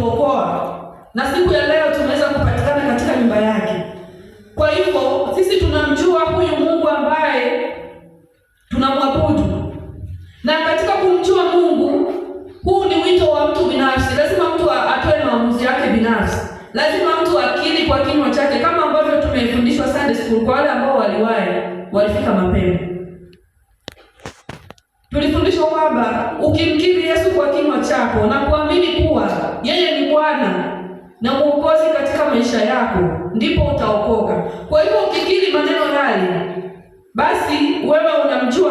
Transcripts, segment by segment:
kutuokoa, na siku ya leo tumeweza kupatikana katika nyumba yake. Kwa hivyo sisi tunamjua huyu Mungu ambaye tunamwabudu, na katika kumjua Mungu, huu ni wito wa mtu binafsi. Lazima mtu atoe maamuzi yake binafsi, lazima mtu akili kwa kinywa chake, kama ambavyo tumefundishwa Sunday school. Kwa wale ambao waliwahi walifika mapema Tulifundishwa kwamba ukimkiri Yesu kwa kinywa chako na kuamini kuwa yeye ni Bwana na Mwokozi katika maisha yako, ndipo utaokoka. Kwa hivyo ukikiri maneno hayo, basi wewe unamjua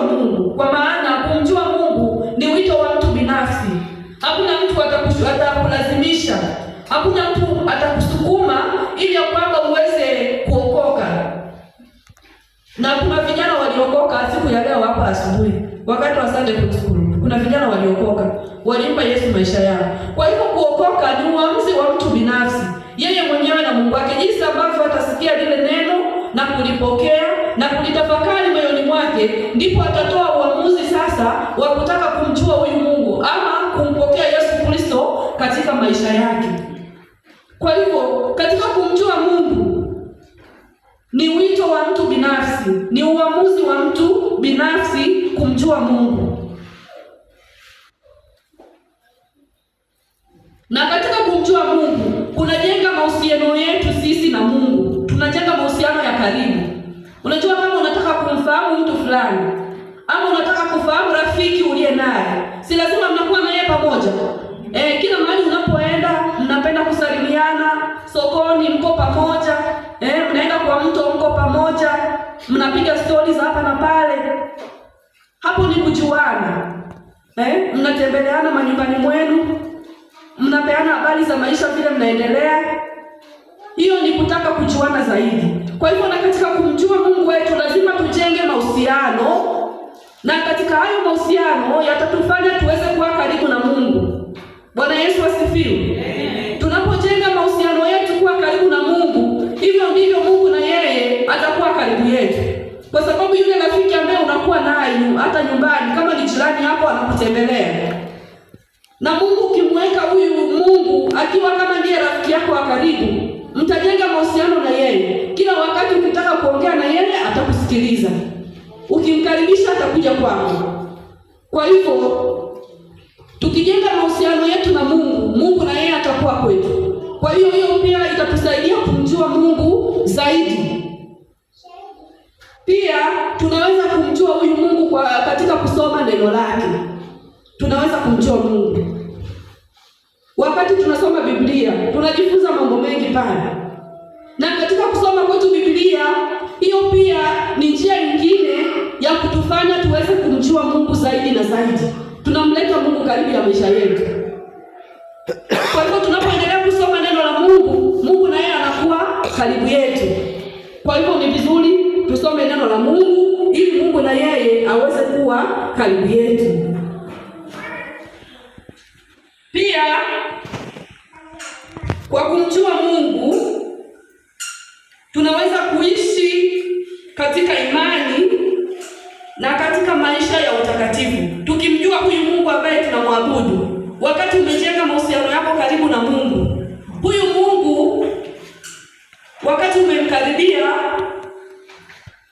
Sunday school, kuna vijana waliokoka, walimpa Yesu maisha yao. Kwa hivyo kuokoka ni uamuzi wa mtu binafsi, yeye mwenyewe na Mungu wake, jinsi ambavyo atasikia lile neno na kulipokea na kulitafakari moyoni mwake, ndipo atatoa uamuzi sasa wa kutaka kumjua huyu Mungu ama kumpokea Yesu Kristo katika maisha yake. Kwa hivyo kumjua Mungu. Na katika kumjua Mungu kunajenga mahusiano yetu sisi na Mungu, tunajenga mahusiano ya karibu. Unajua, kama unataka kumfahamu mtu fulani ama unataka kufahamu rafiki uliye naye, si lazima mnakuwa naye pamoja e, kila mahali unapoenda mnapenda kusalimiana, sokoni mko pamoja e, mnaenda kwa mtu mko pamoja, mnapiga stories hapa na pale. Hapo ni kujuana eh, mnatembeleana manyumbani mwenu, mnapeana habari za maisha vile mnaendelea. Hiyo ni kutaka kujuana zaidi. Kwa hivyo, na katika kumjua Mungu wetu lazima tujenge mahusiano, na katika hayo mahusiano yatatufanya tuweze kuwa karibu na Mungu. Bwana Yesu asifiwe. hata nyumbani, kama ni jirani yako anakutembelea. Na Mungu ukimweka huyu Mungu akiwa kama ndiye rafiki yako wa karibu, mtajenga mahusiano na yeye. Kila wakati ukitaka kuongea na yeye atakusikiliza, ukimkaribisha atakuja kwako. Kwa hivyo tukijenga mahusiano yetu na Mungu, Mungu na yeye atakuwa kwetu. Kwa hiyo hiyo pia itatusaidia kumjua Mungu zaidi. Pia tunaweza kumjua huyu Mungu kwa katika kusoma neno lake, tunaweza kumjua Mungu wakati tunasoma Biblia, tunajifunza mambo mengi pale, na katika kusoma kwetu Biblia hiyo pia ni njia nyingine ya kutufanya tuweze kumjua Mungu zaidi na zaidi, tunamleta Mungu karibu ya maisha yetu. Kwa hivyo tunapoendelea kusoma neno la Mungu, Mungu naye anakuwa karibu yetu. Kwa hivyo ni vizuri tusome neno la Mungu ili Mungu na yeye aweze kuwa karibu yetu. Pia kwa kumjua Mungu tunaweza kuishi katika imani na katika maisha ya utakatifu, tukimjua huyu Mungu ambaye tunamwabudu. Wakati umejenga mahusiano yako karibu na Mungu, huyu Mungu wakati umemkaribia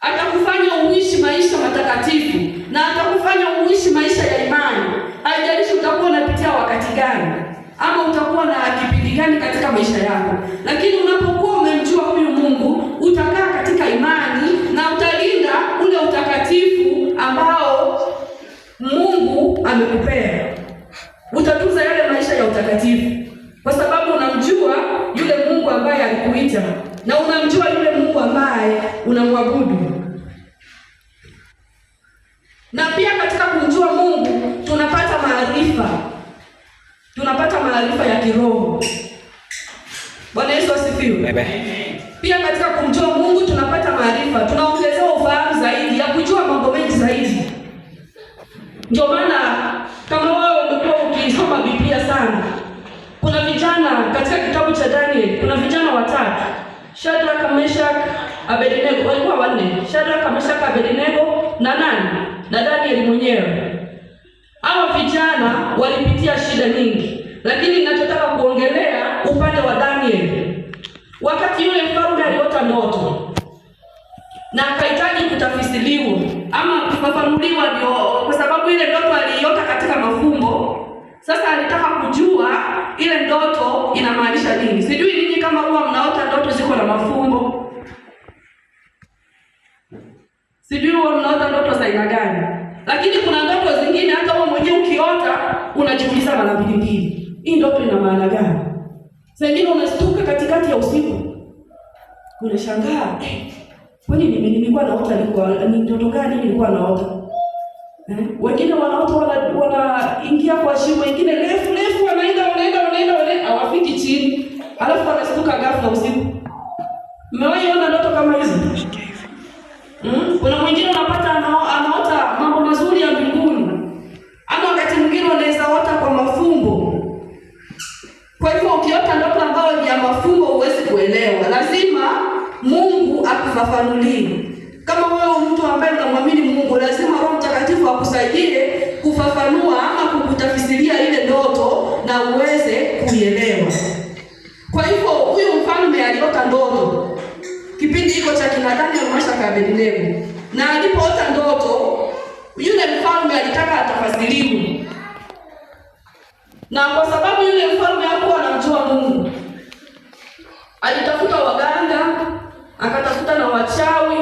atakufanya uishi maisha matakatifu na atakufanya uishi maisha ya imani. Haijalishi utakuwa unapitia wakati gani ama utakuwa na kipindi gani katika maisha yako, lakini unapokuwa umemjua huyu Mungu utakaa katika imani na utalinda ule utakatifu ambao Mungu amekupea. Utatunza yale maisha ya utakatifu kwa sababu unamjua yule Mungu ambaye alikuita na unamjua yule Mungu ambaye unamwabudu. Na pia katika kumjua Mungu tunapata maarifa, tunapata maarifa ya kiroho. Bwana Yesu asifiwe. Amen. Pia katika kumjua Mungu tunapata maarifa, tunaongezewa ufahamu zaidi ya kujua mambo mengi zaidi. Ndio maana kama wewe umekuwa ukisoma Biblia sana, kuna vijana katika kitabu cha Daniel, kuna vijana watatu Shadraka, Meshak, Abednego walikuwa wanne. Shadraka, Meshak, Abednego na nani? na Danieli mwenyewe. Hawa vijana walipitia shida nyingi, lakini ninachotaka kuongelea upande wa Danieli, wakati yule mfalme aliota ndoto na akahitaji kutafisiliwa ama kufafanuliwa, ndio kwa sababu ile ndoto aliiota katika mafumbo. Sasa alitaka kujua ile ndoto inamaanisha nini. Sijui ninyi kama huwa mnaota ndoto ziko na mafumbo Sijui wewe unaota ndoto za aina gani, lakini kuna ndoto zingine hata wewe mwenyewe ukiota unajiuliza mara mbili mbili, hii ndoto ina maana gani? Sasa hivi unastuka katikati ya usiku unashangaa, eh, kwani mimi nilikuwa naota nilikuwa ni ndoto gani nilikuwa naota eh? Wengine wanaota wanaingia wana kwa shimo wengine refu refu, wanaenda wanaenda wanaenda wale hawafiki chini, alafu wanastuka ghafla usiku. Mmewahi ona ndoto kama hizo? sababu yule mfalme hapo anamjua Mungu. Alitafuta waganga, akatafuta na wachawi,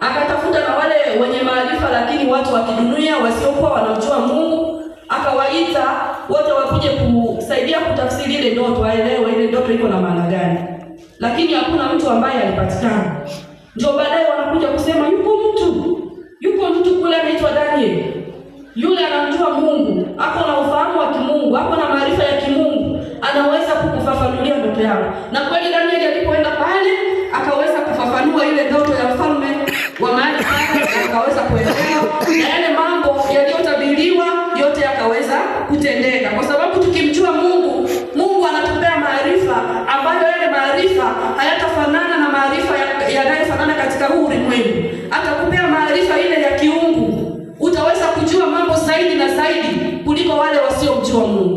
akatafuta na wale wenye maarifa, lakini watu wa kidunia wasiokuwa wanamjua Mungu. Akawaita wote wakuje kusaidia kutafsiri ile ndoto, aelewe ile ndoto iko na maana gani, lakini hakuna mtu ambaye alipatikana. Ndio baadaye wanakuja kusema yuko mtu, yuko mtu kule anaitwa Daniel yule anamjua Mungu, ako na ufahamu wa kimungu, ako na maarifa ya kimungu, anaweza kukufafanulia ndoto yako. Na kweli Danieli alipoenda pale akaweza kufafanua ile ndoto ya mfalme wa mahali pale, akaweza kuelewa yale ชม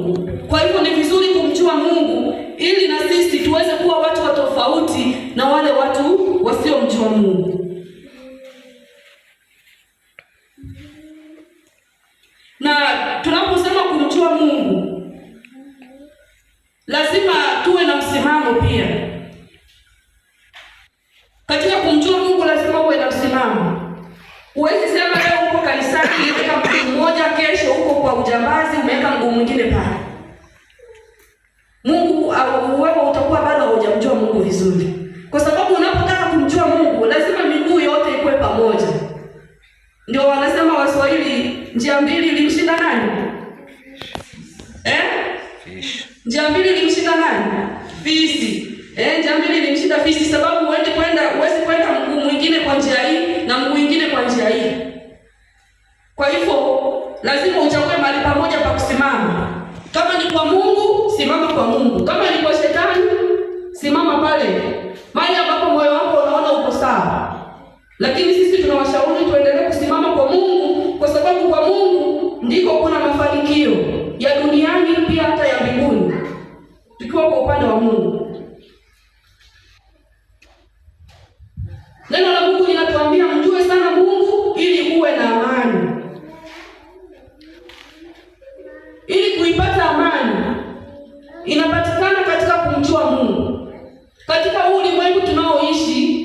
lazima uchague mahali pamoja pa kusimama. Kama ni kwa Mungu, simama kwa Mungu. Kama ni kwa shetani, simama pale mahali ambapo moyo wako unaona uko sawa. Lakini sisi tunawashauri tuendelee kusimama kwa Mungu, kwa sababu kwa Mungu ndiko kuna mafanikio ya duniani pia hata ya mbinguni, tukiwa kwa upande wa Mungu. Neno la Mungu linatuambia mjue sana Mungu ili uwe na amani. ili kuipata amani inapatikana katika kumjua Mungu. Katika huu ulimwengu tunaoishi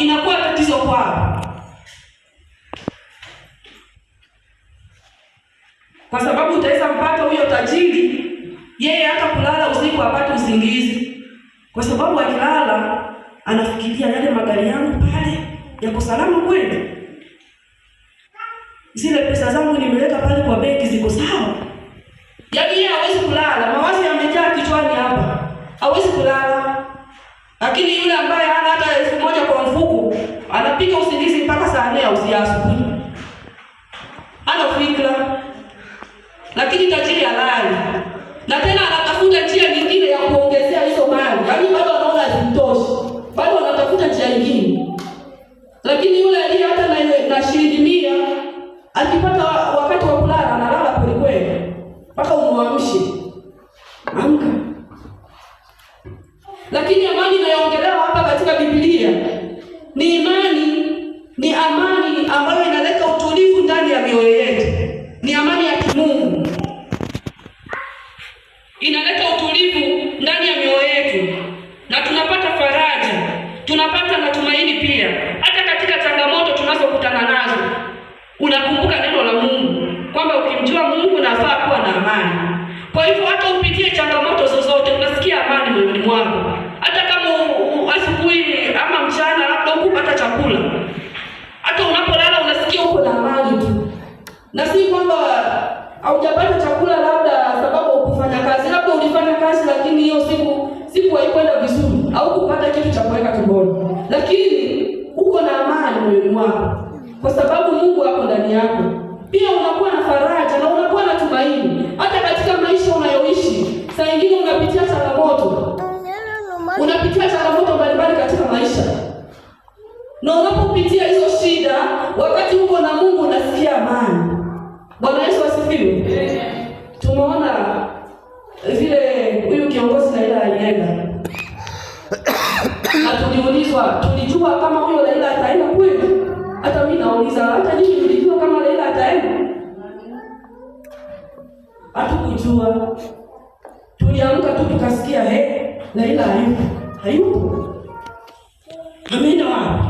inakuwa tatizo kwao, kwa sababu utaweza mpata huyo tajiri, yeye hata kulala usiku apate usingizi, kwa sababu akilala anafikiria yale magari yangu pale yako salama kweli, zile pesa zangu nimeweka pale kwa benki ziko sawa. Yaani yeye hawezi kulala, mawazo yamejaa kichwani hapa, hawezi kulala, lakini yule ambaye hana hata Napiga usingizi mpaka saa nne ya asubuhi. Hana fikra. Lakini tajiri alaya nyumbani mwako, hata kama asubuhi ama mchana labda hukupata chakula, hata unapolala unasikia uko na amani tu, na si kwamba haujapata chakula labda sababu ukufanya kazi, labda ulifanya kazi, lakini hiyo siku siku haikwenda vizuri, au kupata kitu cha kuweka tumboni, lakini uko na amani moyoni mwako kwa sababu Mungu ako ndani yako. Pia unakuwa na faraja na unakuwa na tumaini hata katika maisha unayoishi. Saa ingine unapitia sababu maisha, na unapopitia hizo shida, wakati uko na Mungu unasikia amani. Bwana Yesu asifiwe. Tumeona vile huyu kiongozi Laila alienda na tuliulizwa, tulijua kama huyo Laila ataenda kweli? Hata mimi nauliza, hata nini tulijua kama Laila ataenda? Hatukujua, tuliamka tu tukasikia, he, Laila hayupo, hayupo ameenda wapi?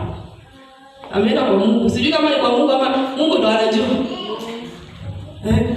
Ameenda kwa Mungu, sijui kama ni kwa Mungu ama Mungu ndo anajua eh.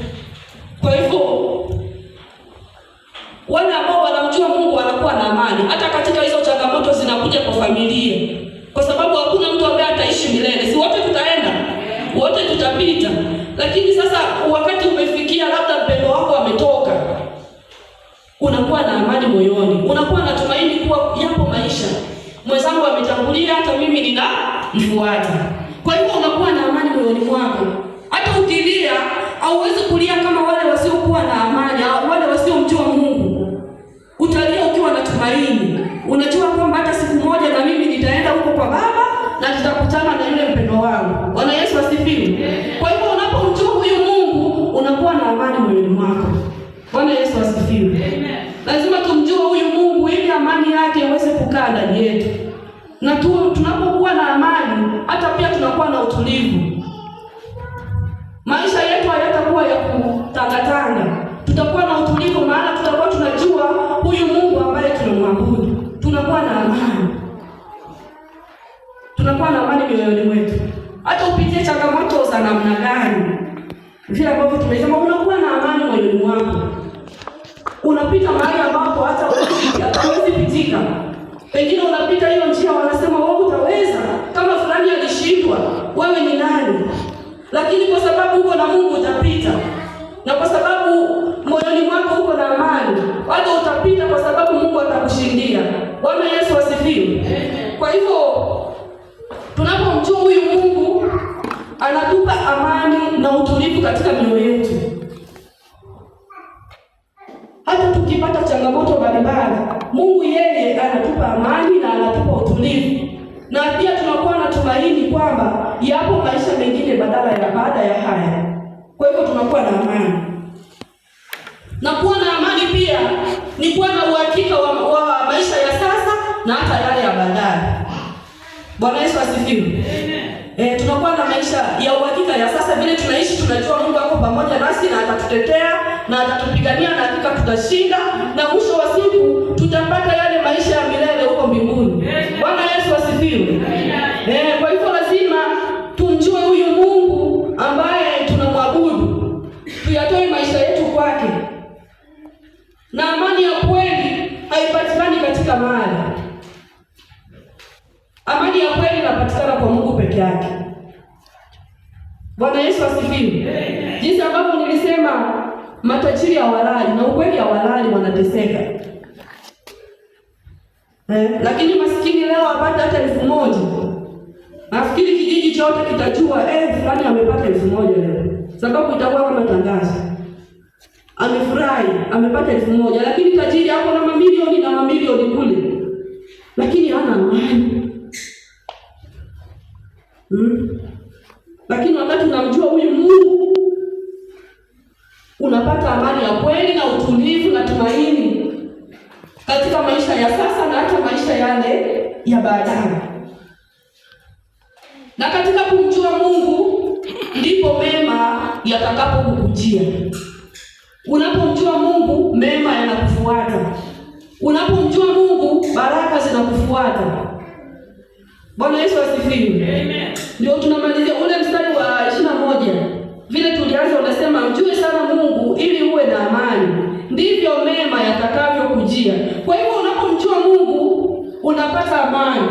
unapita mahali ambapo hata hawezi pitika. Pengine unapita hiyo njia, wanasema wewe utaweza, kama fulani alishindwa, wewe ni nani? Lakini kwa sababu uko na Mungu utapita, na kwa sababu moyoni mwako uko na amani, bado utapita, kwa sababu Mungu atakushindia. Bwana Yesu asifiwe. Kwa hivyo tunapomjua huyu Mungu anatupa amani na utulivu katika mioyo yetu. Hata tukipata changamoto mbalimbali, Mungu yeye anatupa amani na anatupa utulivu, na pia tunakuwa na tumaini kwamba yapo maisha mengine badala ya baada ya haya. Kwa hivyo tunakuwa na amani, na kuwa na amani pia ni kuwa na uhakika wa, wa maisha ya sasa na hata yale ya baadaye. Bwana Yesu asifiwe eh, tunakuwa na maisha ya uhakika ya sasa. Vile tunaishi tunajua Mungu ako pamoja nasi na atatutetea na atatupigania na hakika tutashinda, na mwisho wa siku tutapata yale maisha ya milele huko mbinguni. Bwana Yesu asifiwe. Eh, kwa hivyo lazima tumjue huyu Mungu ambaye tunamwabudu, tuyatoe maisha yetu kwake, na amani ya kweli haipatikani katika mali Amani ya kweli inapatikana kwa Mungu peke yake. Bwana Yesu asifiwe. Jinsi ambavyo nilisema matajiri walali na ukweli walali wanateseka eh, lakini masikini leo apate hata elfu moja nafikiri kijiji chote kitajua eh, fulani amepata elfu moja leo, sababu itakuwa kama tangazo, amefurahi amepata elfu moja. Lakini tajiri hapo na mamilioni na mamilioni kule, lakini hana amani hmm. Lakini wakati unamjua huyu Mungu unapata amani ya kweli na utulivu na tumaini katika maisha ya sasa na hata maisha yale ya baadaye. Na katika kumjua Mungu ndipo mema yatakapokujia. Unapomjua Mungu mema yanakufuata. Unapomjua Mungu baraka zinakufuata. Bwana Yesu asifiwe. Amen. Ndio tunamalizia ule mstari wa ishirini na moja vile tulianza, unasema mjue sana Mungu ili uwe na amani, ndivyo mema yatakavyokujia. Kwa hivyo unapomjua Mungu unapata amani,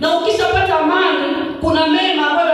na ukishapata amani kuna mema ambayo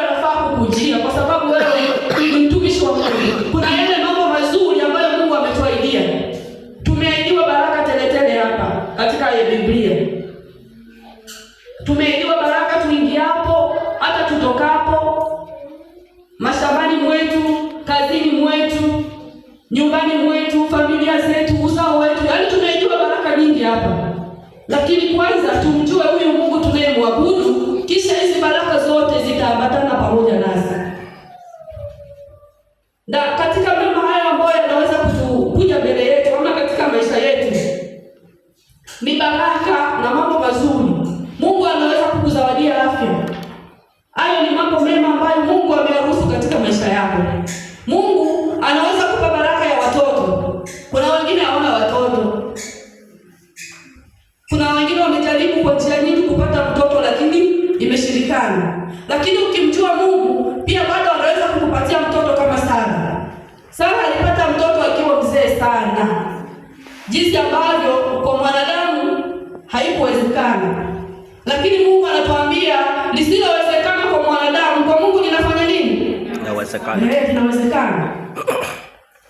inawezekana, eh, inawezekana.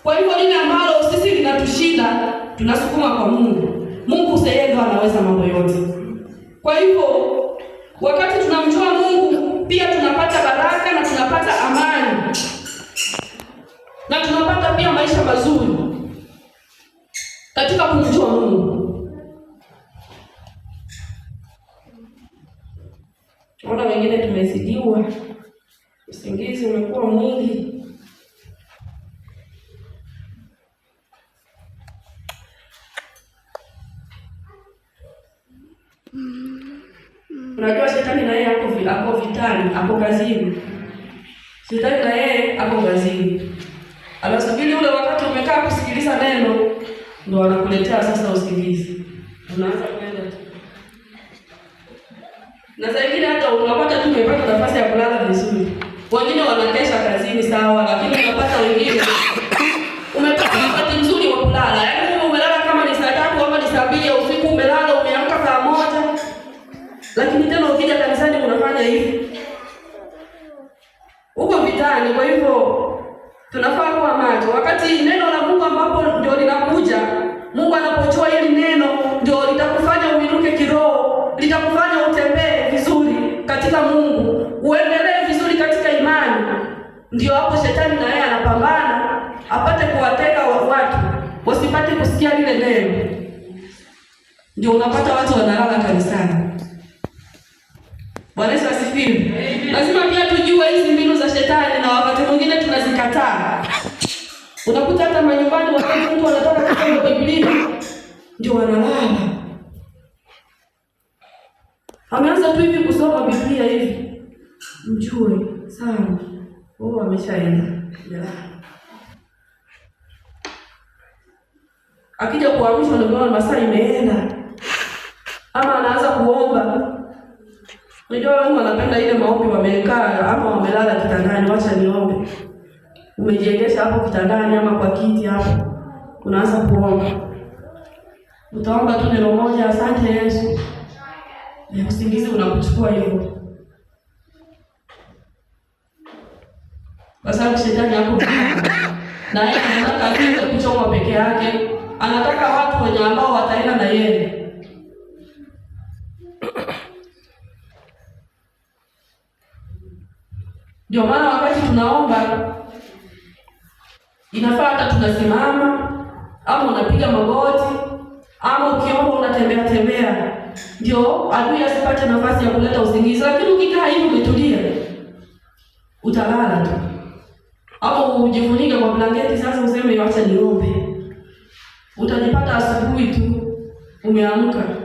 Kwa hivyo lile ambalo sisi linatushinda tunasukuma kwa Mungu. Mungu sasa ndiye anaweza mambo yote. Kwa hivyo wakati tunamjua Mungu pia tunapata baraka na tunapata amani na tunapata pia maisha mazuri katika kumjua Mungu. Ona wengine tumezidiwa usingizi umekuwa mwingi. Unajua shetani na yeye ako vitani, ako kazini. Shetani na yeye ako kazini, anasubiri ule wakati umekaa kusikiliza neno, ndo anakuletea sasa usingizi, unaanza kwenda tu, na saa ingine hata unapata tu umepata nafasi ya kulala wengine wanatesha kazini sawa, lakini unapata wengine umepata wakati mzuri wa kulala, yaani umelala kama ni saa tatu ama ni saa mbili ya usiku, umelala umeamka saa moja, lakini tena ukija kanisani unafanya hivi, uko vitani. Kwa hivyo tunafaa kuwa macho wakati neno la Mungu ambapo ndio linakuja. Mungu anapotoa hili neno, ndio litakufanya uinuke kiroho, litakufanya utembee vizuri katika Mungu. Ndio hapo shetani na yeye anapambana apate kuwateka watu wasipate kusikia lile neno. Ndio unapata watu wanalala kanisani. Bwana Yesu asifiwe. Lazima pia tujue hizi mbinu za shetani, na wakati mwingine tunazikataa. Unakuta hata manyumbani, wakati mtu anataka kusoma Biblia ndio wanalala, ameanza tu hivi kusoma Biblia hivi, mjue sana huu wameshaenda akija kuamshwa ndio masaa imeenda, ama anaanza kuomba. Unajua wangu wanapenda ile maombi, wamekaa ama wamelala kitandani, wacha niombe. Umejiegesha hapo kitandani ama kwa kiti hapo, unaanza kuomba. Utaomba tu neno moja, asante Yesu, usingizi unakuchukua hivyo. kwa sababu shetani yako na yeye anataka aje kuchomwa peke yake, anataka watu wenye ambao wataenda na yeye. Ndio maana wakati tunaomba inafaa hata tunasimama, ama unapiga magoti, ama ukiomba unatembea tembea, ndio adui asipate nafasi ya kuleta usingizi. Lakini ukikaa hivi umetulia, utalala tu au ujifunike kwa blanketi sasa useme wacha niombe, utajipata asubuhi tu umeamka